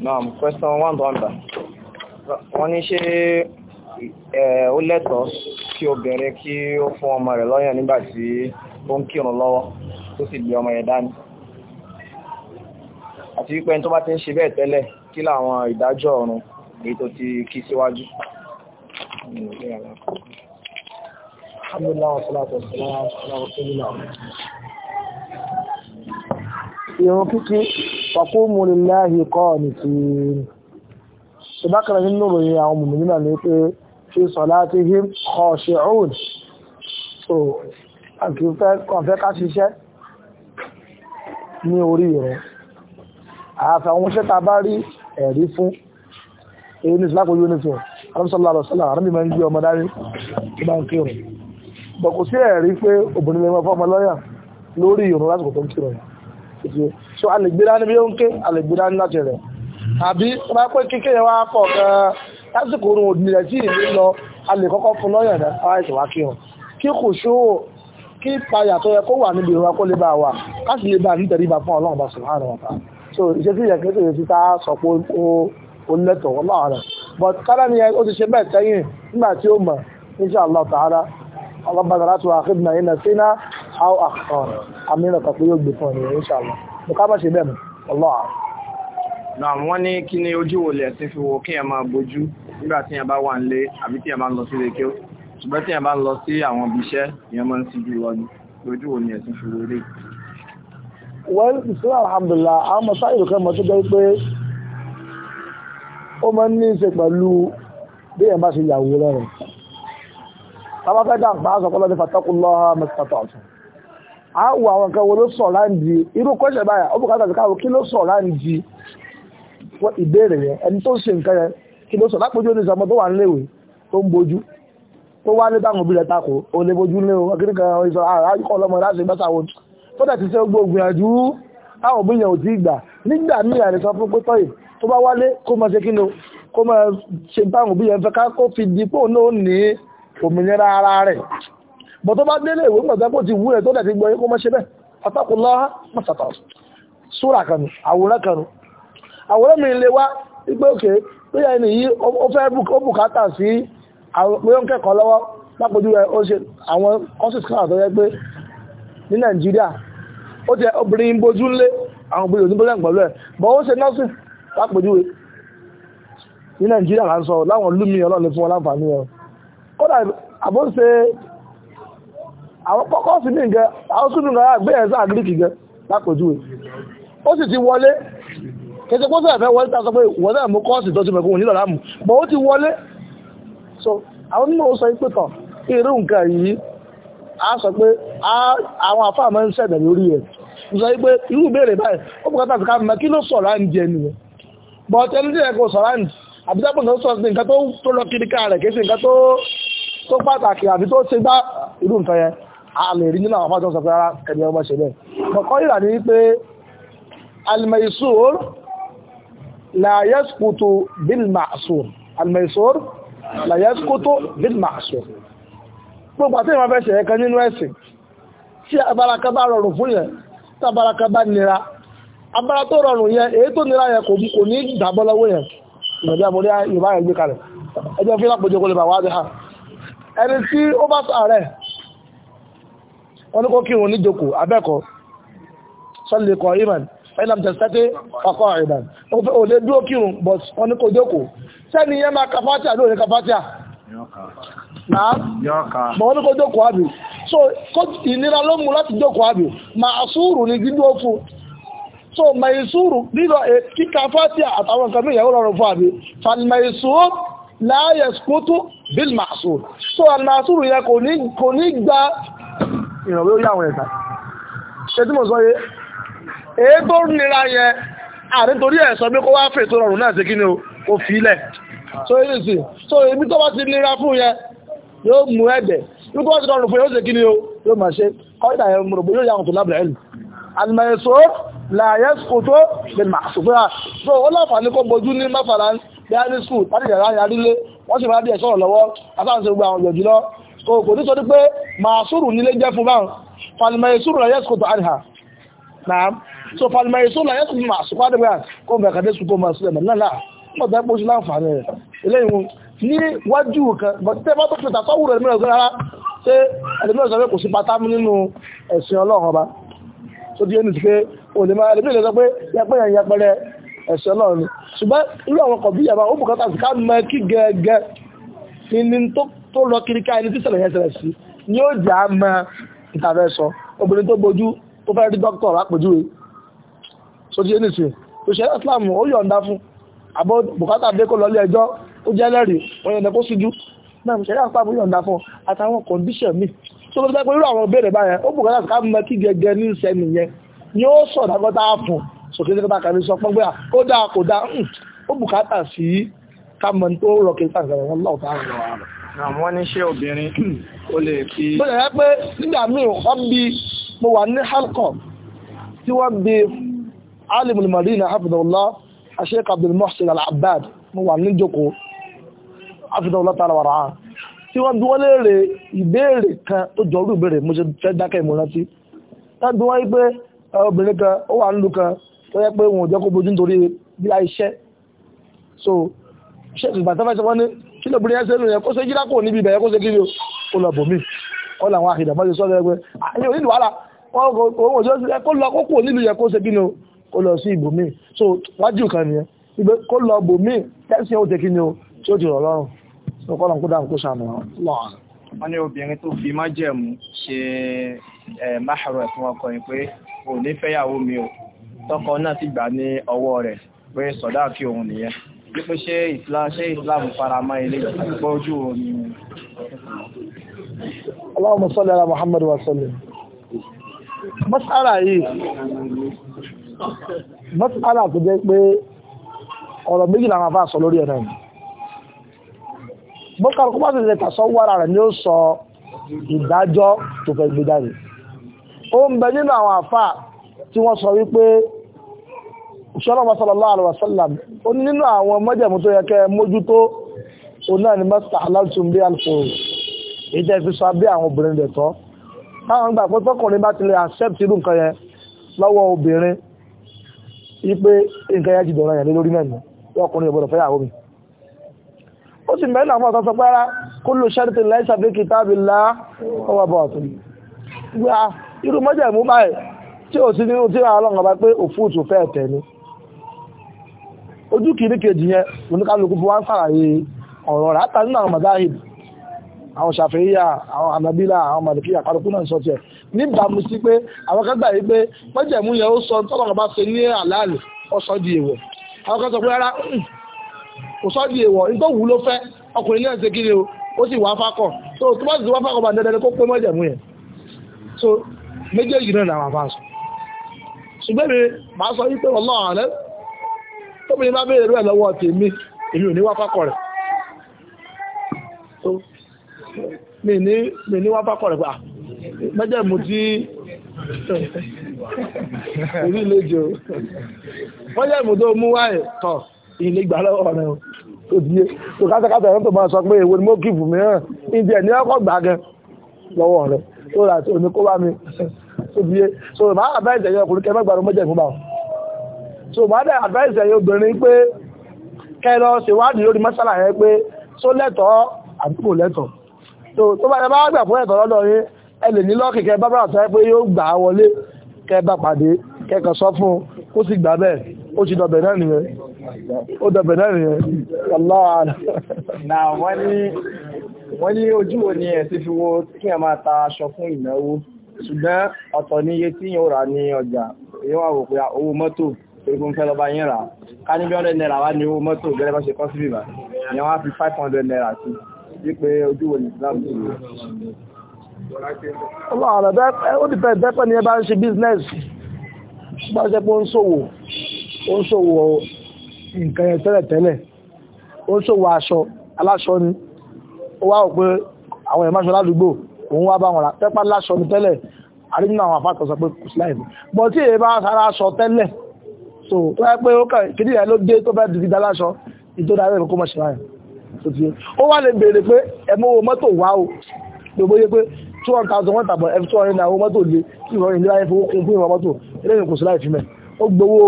Naam, question one hundred. Wọ́n ní ṣé ó lẹ́tọ̀ọ́ kí obìnrin kí ó fún ọmọ rẹ̀ lọ́yàn nígbà tí ó ń kírun lọ́wọ́ tó sì gbé ọmọ yẹn dání. Àti wípé tó bá ti ń ṣe bẹ́ẹ̀ tẹ́lẹ̀ kí làwọn ìdájọ́ ọ̀run èyí tó ti kí síwájú. Alhamdulillah wa salatu kíkí wàkúmù lillahi qanitin ìbákan nínú ròyìn àwọn mùmìnì náà ní pé fi salatihim khashi'un so àti kọ̀fẹ́ ká ṣiṣẹ́ ní orí rẹ̀ àfàwọn iṣẹ́ ta bá rí ẹ̀rí fún èyí ní ìsìlápò uniform alámsọ́lá àrọ̀sọ́lá àrẹ́bì máa ń gbé lórí ìrun lásìkò tó ń kírun yìí ìṣòro so a lè gbé dání bí ó ń ké a lè gbé dání láti rẹ̀ àbí wọ́n máa pé kíkẹ́ yẹn wá pọ̀ gan-an lásìkò orun òdì rẹ̀ sí ìlú lọ a lè kọ́kọ́ fún lọ́yàn rẹ̀ ara ìṣòwò kí hàn kí kò ṣòwò kí ìpayà tó yẹ kó wà níbi ìrora kó lè bá wà láti lè bá nítorí bá fún ọlọ́run bá subhanahu wa ta'ala so Allah ta'ala ọlọ́bàdàrà tó àkíbìnà yìí nà how akhtar uh, amina kan pé yóò gbé fún ènìyàn inshallah mo ká bá ṣe bẹ́ẹ̀ mọ́ ọlọ́à. na wọ́n ní kí ni ojú wo lẹ̀ sí fi wo kí ẹ̀ máa bójú nígbà tí ẹ̀ bá wà nílé àbí tí ẹ̀ bá ń lọ sí ilé kí ó ṣùgbọ́n tí ẹ̀ bá ń lọ sí àwọn ibi iṣẹ́ ìyẹn máa ń ti jù ojú wo ni ẹ̀ sí wọ́n ìṣúná alhamdulillah àwọn ọmọ sáyẹ̀dù mọ̀ tó jẹ́ pé ó máa ní í pẹ̀lú bí ẹ̀ bá ṣe yàwó lọ́rọ̀ a wo àwọn nǹkan wo ló sọ̀ láǹdì irú kọ́ṣẹ̀ báyà ó bùkátà sí káwọn kí ló sọ̀ láǹdì ìbéèrè yẹn ẹni tó ń ṣe nǹkan yẹn kí ló sọ̀ lápòjú ní ìsọmọ tó wà níléèwé tó ń bojú tó wá ní táwọn òbí rẹ̀ takò ó lè bojú ní o kí nìkan ìsọ àkọ́ ọlọ́mọ láti gbẹ́sà wọn tó dẹ̀ ti ṣe gbogbo ìyànjú bọ̀ bá délé ìwé gbàgbà wu ti wú ẹ̀ tó dẹ̀ ti gbọ́ kó mọ́ ṣe bẹ́ẹ̀ pátákùnlá mọ́sàtà súra kanu àwòrán kanu àwòrán mi lè wá ipé òkè tó yẹ ẹni yìí ó fẹ́ bùkátà sí àwọn kẹ́kọ̀ọ́ lọ́wọ́ rẹ̀ ó ṣe àwọn kan àtọ́jẹ́ pé ní nàìjíríà ó jẹ́ obìnrin àwọn obìnrin òní bọ́ ó ṣe rẹ̀ àwọn kọ́kọ́ọ̀sì ní nǹkan àwọn súnú náírà gbé ẹ̀sán àgíríkì gan lápòjúwe ó sì ti wọlé kẹsẹ̀ pọ́sẹ̀ ẹ̀fẹ́ wọlé tá sọ pé wọ́n náà mú kọ́ọ̀sì tó ti mẹ̀kún òní lọ́la mù ó ti wọlé so àwọn onímọ̀ sọ pé tàn irú nǹkan yìí a sọ pé àwọn àfáà máa ń ṣẹ̀dẹ̀ lórí ẹ̀ sọ pé irú ìbéèrè báyìí ó bùkátà sí ká mọ̀ ló sọ̀rọ̀ ń jẹ nìyẹn but ẹni tí ẹ kò sọ̀rọ̀ à ń àbíjábọ̀ nǹkan sọ̀rọ̀ sí nǹkan tó lọ kiri ká rẹ̀ kì í nǹkan tó pàtàkì àbí tó ṣe gbá irú nǹkan yẹn a lè rí nínú àwọn fájọ́ sọ ara ẹni ọmọ ṣe bẹ́ẹ̀ ìrà ní wípé almaisur la yasqutu bil ma'sur almaisur la yasqutu bil ma'sur gbogbo àti ìwọ̀n fẹ́ṣẹ̀ ẹ̀kan nínú ẹ̀sìn tí abáraka bá rọrùn fún yẹn tí abáraka nira abára tó rọrùn yẹn èyí tó nira yẹn kò ní dàbọ́ lọ́wọ́ yẹn ìgbàjá mo ní yorùbá yẹn gbé kalẹ̀ ẹjọ́ fílápòjọ́ kò lè bà wá dé ha ẹni tí ó bá sọ ààrẹ wọ́n ní kó kírun níjòkó abẹ́kọ̀ọ́ sọ́lẹ̀ kọ́ iman fẹ́lá tẹ̀sẹ́tẹ́ ọkọ̀ iman ó lè dúró kírun but wọ́n ní kó jókòó sẹ́ni yẹn máa kàfátíà ló ní kàfátíà náà wọ́n ní kó jókòó àbí so ìnira ló mú láti jókòó àbí máa sùúrù ní dídúró fún so maisuru nílò eh, kíkà fátíà àtàwọn nǹkan mìíràn rọrùn fún àbí falmaisur láyẹ̀ skutu bil maṣur so almasuru yẹ kò ní gba ìrànwé ó yá àwọn ẹ̀sà ṣe tí mo sọ yé èé tó nira yẹn àrítorí ẹ̀ sọ pé kó wá fẹ́ tó rọrùn náà ṣe kí ni o fi ilẹ̀ so èyí sì so èmi tó bá ti nira fún yẹn yóò mú ẹ̀dẹ̀ ibi tó bá ti rọrùn fún yóò ṣe kí ni o yóò máa ṣe kọ́ńtà yẹn mo yóò yá tó lábẹ̀rẹ̀ ẹ̀lú àlùmọ̀ẹ̀sọ́ làyẹ̀sọ́ tó lè máa ṣùgbọ́n so ó láǹfààní kó bojú ní mẹ́fà láńsì bí a ní skul láti yàrá yàrá nílé wọ́n sì máa bí ẹ̀ṣọ́ lọ́wọ́ asáǹsẹ̀ kò ní sọ ní pé màásùrù nílé jẹ́ fún báhùn falmaisuru la yasqutu anha naam so falmaisuru la yasqutu màásùkú àdìgbà kó bẹ̀rẹ̀ kàdé sùkú máa sílẹ̀ náà náà mọ̀ tẹ́ pọ̀ sí láǹfààní rẹ̀ eléyìí wọn ní wájú kan bọ̀tẹ́ bá tó pẹ̀tà sọ́wọ́ rẹ̀ mìíràn rárá ṣé ẹlẹ́mìíràn sọ pé kò sí pátá nínú ẹ̀sìn ọlọ́run ọba tó di ẹni ti pé òní máa ẹlẹ́mìíràn sọ pé yẹpẹ́rẹ́ yẹpẹ́rẹ́ ẹ̀sìn ọlọ́run ṣùgbọ́n irú àwọn kọ̀bíyà bá ó bùkátà sí ká mọ kí gẹ́gẹ́ ní ní tó tó lọ kíríká ẹni tí ṣẹlẹ̀ yẹn ṣẹlẹ̀ sí ni ó jà á mọ ìtàfẹ́sọ obìnrin tó bojú tó fẹ́ rí dókítà lápòjúwe sojú ẹnìsìn òṣèré Islam ó yọ̀ǹda fún àbọ̀ bùkátà dé kó lọlé ẹjọ́ ó jẹ́ lẹ́rìí wọ́n yọ̀ǹda kó síjú náà òṣèré condition mi tó lọ́dọ́ pé irú àwọn béèrè báyẹn ó bùkátà ká mọ kí gẹ́gẹ́ ni ó sọ̀ dágọ́tà fún sòkè nígbà kan ní sọ pọ́n gbéra ó dáa kò dáa ó bùkátà sí ká mọ wọn lọ́ọ̀tà àwọn ọ̀rọ̀ àwọn oníṣẹ́ obìnrin ó lè fi. bó lè rẹ pé nígbà míì wọ́n bí mo wà ní halkọ tí wọ́n bí alimul madina hafidullah asheik abdul muhsin al-abbad mo wà ní jókòó hafidullah tààrà wàrà án tí wọ́n bí wọ́n léèrè ìbéèrè kan tó jọrú ìbéèrè mo ṣe fẹ́ dákẹ́ ìmúrántí wọ́n bí so ṣe ìgbà tó fẹ́ sọ wọ́n ní kí lóbìnrin ẹsẹ̀ nù kó se jíra kò níbi ibẹ̀ yẹn kó se kí ni o lọ bòmí ọ àhìdà bá ṣe sọ́dọ̀ ẹgbẹ́ àyè ah, onílù wàhálà kó lọ kókò nílù yẹn kó kí ni o kó lọ sí ibòmí so wájú kan nìyẹn ibẹ̀ kó lọ bòmí tẹ́sí ó ṣe kí ni o tí ó ti rọ̀ lọ́rùn so kọ́ lọ́n kó dáhùn kó wọn. obìnrin tó fi ṣe máhàrọ̀ yìí pé òní fẹ́yàwó mi tọkọ náà ti gbà pípẹ́ ṣe islam faramá ilé àgbọ́ ojú omi Allahumma salli ala Muhammad wa sallim mas'ala yìí mas'ala tó jẹ́ pé ọ̀rọ̀ méjì làwọn afá sọ lórí ẹ̀rẹ̀ mọ́kàrù kó bá sì lẹ́ta sọ wára rẹ̀ ni ó sọ ìdájọ́ tó fẹ́ gbé jáde ó ń bẹ nínú àwọn afá tí wọ́n sọ wípé ìṣọ́lọ́wọ́ sallallahu alaihi wasallam ó ní nínú àwọn mọ́jẹ̀mú tó yẹ kẹ́ mójútó òun náà ni mọ́sítà aláàtún bí alfòrò ìjẹ́ fi sọ abẹ́ àwọn obìnrin rẹ̀ tọ́ táwọn gbà pé tọkùnrin bá ti lè accept irú nǹkan yẹn lọ́wọ́ obìnrin wípé nǹkan yẹn ti dọ̀rọ̀ yẹn lórí mẹ́rin ọkùnrin ìbọ̀dọ̀ fẹ́ yàwó mi ó sì mẹ́rin àwọn ọ̀tọ́ sọ pé ara kullu shartin laysa fi kitabillah ọwọ́ bọ̀ ọ̀tún irú mọ́jẹ̀mú báyìí tí ò sí nínú tí àwọn ọlọ́run bá pé òfúùtù fẹ́ẹ̀ tẹ̀ ni ojú kìíní kejì yẹn oníkálukú fún wa ń sàlàyé ọ̀rọ̀ rẹ̀ àtàrí náà mazahib àwọn ṣàfihàn àwọn anabila àwọn màlìkí àkàrùkù náà sọ ẹ̀ níbàámu sí pé àwọn kan yìí pé pẹ́jẹ̀mú yẹn ó sọ tọ́lọ̀ bá ṣe ní àlàálì ó sọ di èèwọ̀ àwọn kan pé rárá kò sọ di èèwọ̀ nítorí òwú ló fẹ́ ọkùnrin náà o ó sì tó so méjèèjì náà làwọn ṣùgbọ́n mi wípé tóbi bá béèrè rẹ̀ lọ́wọ́ tèmi èmi ò ní wáfákọ̀ rẹ̀ mi ní mi rẹ̀ pa ah, mẹ́jẹ̀ mú tí orí ilé jò mẹ́jẹ̀ mú tó mú wáyé tọ̀ ilé gbà lọ́wọ́ rẹ̀ o di tó kásàkásà ẹ̀rọ tó máa sọ pé èwo ni mo kì fún mìíràn ìdí ẹ̀ ní ọkọ̀ gbà lọ́wọ́ rẹ̀ tó rà tó ní kó bá mi tó di so màá bá ìjẹ̀yẹ ọkùnrin kẹ́ mẹ́gbàá ló mẹ́jẹ̀ fún báwọn so bá dẹ̀ advice ẹ̀yìn obìnrin pé kẹ́lọ ṣèwádìí lórí mọ́sálà yẹn pé só lẹ́tọ̀ọ́ àbí kò lẹ́tọ̀ọ́ so tó bá dẹ̀ bá gbà fún ẹ̀tọ́ lọ́dọ̀ yín ẹ lè ní lọ́ọ̀kì kẹ bábà tó yẹ pé yóò gbà á wọlé kẹ bá pàdé kẹkọ̀ sọ fún kó sì gbà bẹ́ẹ̀ ó ti dọ̀bẹ̀ náà nìyẹn ó dọ̀bẹ̀ náà nìyẹn ọlọ́run na wọ́n ní wọ́n ní ojú wo ni ẹ̀ ti fi wo kí ẹ máa ta aṣọ fún ìnáwó ṣùgbọ́n ọ̀tọ̀ ní iye tí yóò rà ní ọjà èyí wà wò pé owó mọ́tò ogun fẹ́ lọ bá yín rà ká ní bí 100 naira wá ní owó mọ́tò gẹ́lẹ́ bá ṣe kọ́ sí bìbà ni wọ́n á fi 500 naira sí wípé ojú wo ní Islam sí i. ọlọ́run ọ̀rọ̀ ó ti fẹ́ bẹ́pẹ̀ ni ẹ bá ń ṣe business bá ṣe pé ó ń ṣòwò ó ń ṣòwò nǹkan yẹn tẹ́lẹ̀ tẹ́lẹ̀ ó ń ṣòwò aṣọ aláṣọ ni ó wá òpin àwọn ìmáṣọ ládùúgbò òun wá bá wọn rà tẹ́pá láṣọ ni tẹ́lẹ̀ àrídìnnà àwọn àfáàkọ̀ sọ pé kò sí láì bọ̀ tí èyí bá sára aṣọ tẹ́lẹ̀ so tó wá pé ó kàn kìdí rẹ̀ ló dé tó fẹ́ dìdí dáláṣọ ìtò dára ẹ̀rọ kó mọ̀ ṣìláyà tó ti ó wá lè béèrè pé ẹmọ mọ́tò wá o gbogbo yé pé 200,000 wọ́n tàbọ̀ f200 náà owó mọ́tò lé tí ìrọ̀rìn ní láyé fowó kún fún ìwọ̀n mọ́tò eléyìn kò sí láì fímẹ̀ ó gbowó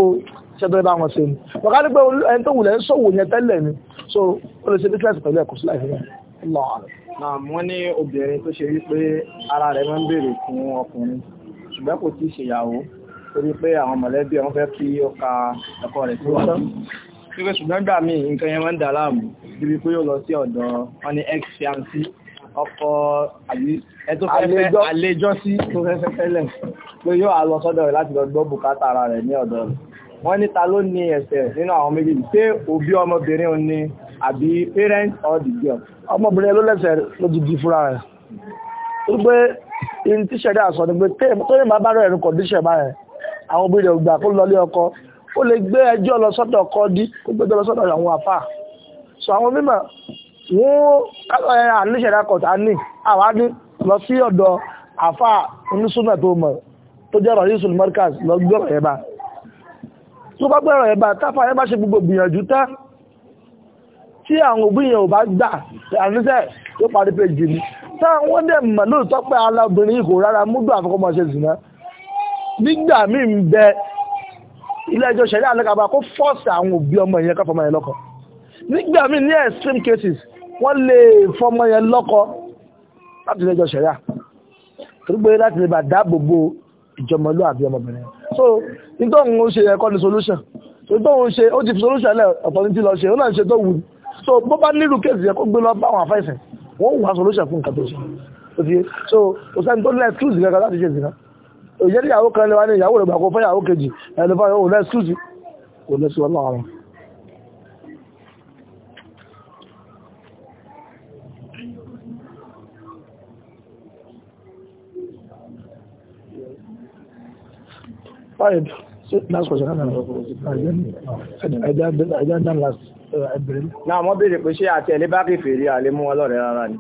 ṣẹ́tọ́ ibà wọn sí ni wọ́n ká ní pé ẹni tó wùlẹ̀ ń sòwò yẹn tẹ́lẹ̀ ni so ó lè ṣe business pẹ̀lú ẹ̀ kò sí láì fímẹ̀ wọ́n ní obìnrin tó ṣe wípé ara rẹ̀ máa ń béèrè fún ọkùnrin ṣùgbọ́n kò tí ì ṣèyàwó torí pé àwọn mọ̀lẹ́bí wọn fẹ́ kí ó ka ẹ̀kọ́ rẹ̀ tó wà ní pípẹ́ ṣùgbọ́n gbà mí nǹkan yẹn máa ń dà láàmú bíbi pé yóò lọ sí ọ̀dọ̀ wọn ní ex fiancé ọkọ àbí ẹtọ́ fẹ́fẹ́ àlejò sí tó fẹ́fẹ́ tẹ́lẹ̀ pé yóò á lọ sọ́dọ̀ rẹ̀ láti lọ gbọ́ bùkátà ara rẹ̀ ní ọ̀dọ̀ rẹ̀ wọ́n ní ta ló ní ẹsẹ̀ nínú àwọn méjèèjì ṣé òbí ọmọbìnrin òun ni àbí parent or the girl. ọmọbìnrin ló lẹ́sẹ̀ ló ti di fúnra rẹ̀ wípé in tíṣẹ̀dá sọ ni pé tó bá bá rẹ̀ ní kọ̀díṣẹ̀ báyẹn àwọn obìnrin ògbà kó lọlé ọkọ ó lè gbé ẹjọ́ lọ sọ́dọ̀ ọkọ dí ó gbé ẹjọ́ lọ sọ́dọ̀ àwọn àfà so àwọn mímọ̀ wọ́n àníṣẹ̀dá kọ̀tà ní àwádí lọ sí ọ̀dọ̀ àfà onísúnà tó mọ̀ tó jẹ́ rọ̀rí ìsùn mọ́ríkàs lọ gbọ́rọ̀ ẹ̀bá tó bá gbọ́rọ̀ ẹ̀bá táfà ẹ̀bá ṣe gbogbo gbìyànjú tán tí àwọn obìnrin ò bá gbà àníṣẹ́ tó parí péjì ni táwọn wọ́n dẹ̀ mọ̀ lóòótọ́ pé alábìnrin kò rárá múdù àfọkọ́mọṣe zìnà nígbà míì ń bẹ ilé ẹjọ́ ṣẹlẹ̀ àlẹ́kàbà kó fọ́ọ̀sì àwọn òbí ọmọ yẹn káfọmọ yẹn lọ́kọ nígbà míì ní extreme cases wọ́n lè fọmọ yẹn lọ́kọ láti ilé ẹjọ́ ṣẹlẹ̀ torí pé láti lè bà dáàbòbò ìjọmọlú àbí ọmọbìnrin so nítorí òun ṣe ẹ̀kọ́ ni solution so nítorí òun ṣe ó ti fi solution lẹ̀ ọ̀tọ̀ ní ti lọ ṣe ó náà ṣe tó wù so bó bá nílùú kéèsì yẹn kó gbé lọ bá àwọn àfẹ́sìn wọ́n wù wá solution fún nǹkan tó ṣe so kò sẹ́ni tó lẹ́ẹ̀ túùsì kankan láti ṣe ìsìnkan òjẹ́ ní ìyàwó kan lè wá ní ìyàwó rẹ̀ gbàkó fẹ́ ìyàwó kejì ẹ̀lẹ́fà òun lẹ́ ṣùsì kò lẹ́ sí ọlọ́ àwọn Last question. I don't know last. Náà wọ́n béèrè pé ṣé àti ẹ̀lé bá kèfèrí àlémú ọlọ́rẹ̀ rárá ni.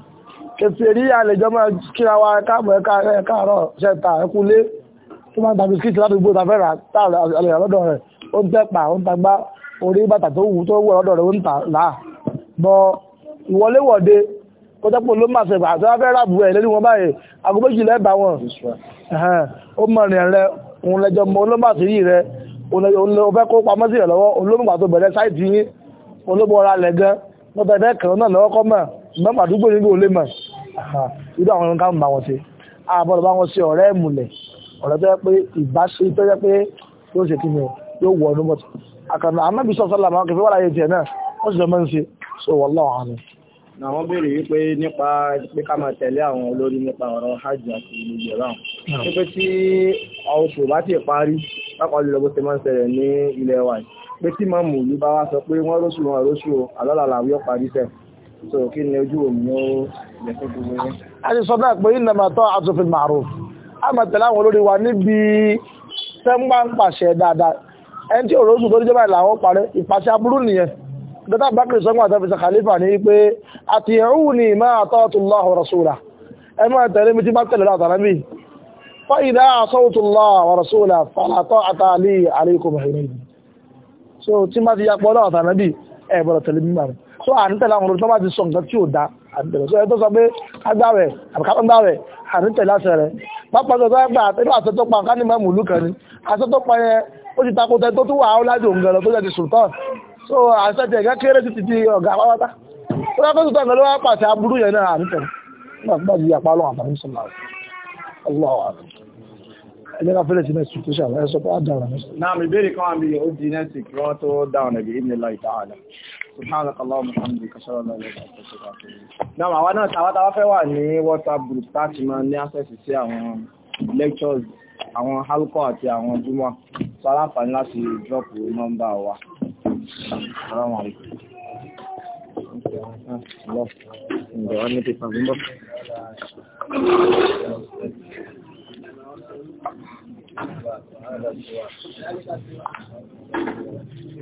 Kèfèrí àlèjọ́ máa kíra wa káàmù ẹ̀ka àárọ̀ ṣẹta ẹkúlé tó máa ń ta bisikíìtì ládùúgbò ta fẹ́ra tá àlejò lọ́dọ̀ rẹ̀ ó ń tẹ́pa ó ń tagbá orí bàtà tó wù tó wù lọ́dọ̀ rẹ̀ ó ń tà láà bọ́ ìwọléwọ̀de kó jẹ́ ló máa ṣe àti wọ́n fẹ́ ràbù ẹ̀ lórí wọn báyìí aago méjì lẹ́ẹ̀bà wọn ó mọ rìn rẹ òun lẹjọ mọ olómàṣí yìí rẹ òun fẹ́ kó pamọ́ sí rẹ lọ́wọ́ olómùgbà tó bẹ̀rẹ̀ sáìtì yín olóbọ̀ra lẹ̀ gan wọ́n bẹ̀rẹ̀ kàn náà lọ́wọ́ kọ́ mọ̀ mẹ́màdúgbò nígbà olè mọ̀ irú àwọn nǹkan bá wọn ṣe àbọ̀lọ̀ bá wọn ṣe ọ̀rẹ́ ìmùlẹ̀ ọ̀rọ̀ tó yẹ pé ìbáṣe tó yẹ pé yóò ṣe kí ni o yóò wọ ọdún bọ́tù àkànnà anábì sọ́sọ́lá àwọn kẹfẹ́ wà láyé náà wọ́n sì lọ ń ṣe so wallahu alim. na wọ́n béèrè wípé nípa pé ká máa tẹ̀lé àwọn olórí nípa ọ̀rọ̀ hajj àti ìlúgbẹ̀ ráhùn wípé tí oṣù bá ti parí pápá lílọ bó ṣe máa ń ṣẹlẹ̀ ní ilẹ̀ wa pé tí máa mú ìlú bá wá sọ pé wọ́n róṣù wọn róṣù àlọ́lá làwọn parí sẹ́ẹ̀ so kí ni ojú òmìnir a ti sọ bẹ́ẹ̀ pé innama ta'atu fil a máa tẹ̀lé àwọn olórí wa níbi sẹ́ńgbà ń pàṣẹ dáadáa ẹni tí òró sùn tó níjọba ìlàwọ́ parẹ́ ìpàṣẹ aburú nìyẹn dọ́tà bákìrì sọ́ngbà àtàfi sàkàlífà ní wípé àti ẹ̀hún ni máa àtọ́tù lọ́hùn rasúlà ẹ máa tẹ̀lé mi tí bá tẹ̀lé látàrá mi fáyidá àsọ́wùtù lọ́hùn rasúlà fàlàtọ́ àtàlí àríkò mẹ́rin so tí má ti yapọ̀ lọ́hùn àtàrá mi so à ń tẹ̀lé àwọn olùtọ́ bá ti sọ pápákọ̀ tó ẹgbà nínú àṣẹ tó pa nǹkan ní mẹ́mù ìlú kan ni àṣẹ tó pa yẹn ó ti takò tẹ tó tún wà áwòlájò ń gẹ̀rọ tó jẹ́ ti sultan so àṣẹ tẹ̀ ẹ̀gá kéré ti ti di ọ̀gá pátá ó yẹ kó sultan lọ́wọ́ pàṣẹ aburú yẹn náà àmì tẹ̀lé náà gbọ́dọ̀ yí apá lọ́wọ́ àtàrí sọ̀rọ̀ ọlọ́wọ́ ẹjẹ́ ká fẹ́lẹ̀ sí náà sùn tó ṣàlàyé sọ pé á dára náà. náà mi subhanaka Allahumma wa bihamdika ashhadu an la ilaha illa anta astaghfiruka wa atubu ilayk. náà àwa náà tàwa tàwa fẹ́ wà ní whatsapp group láti máa ní access sí àwọn lectures àwọn halkọ àti àwọn júmọ́ sọ aláǹfààní láti drop nọ́mbà wa.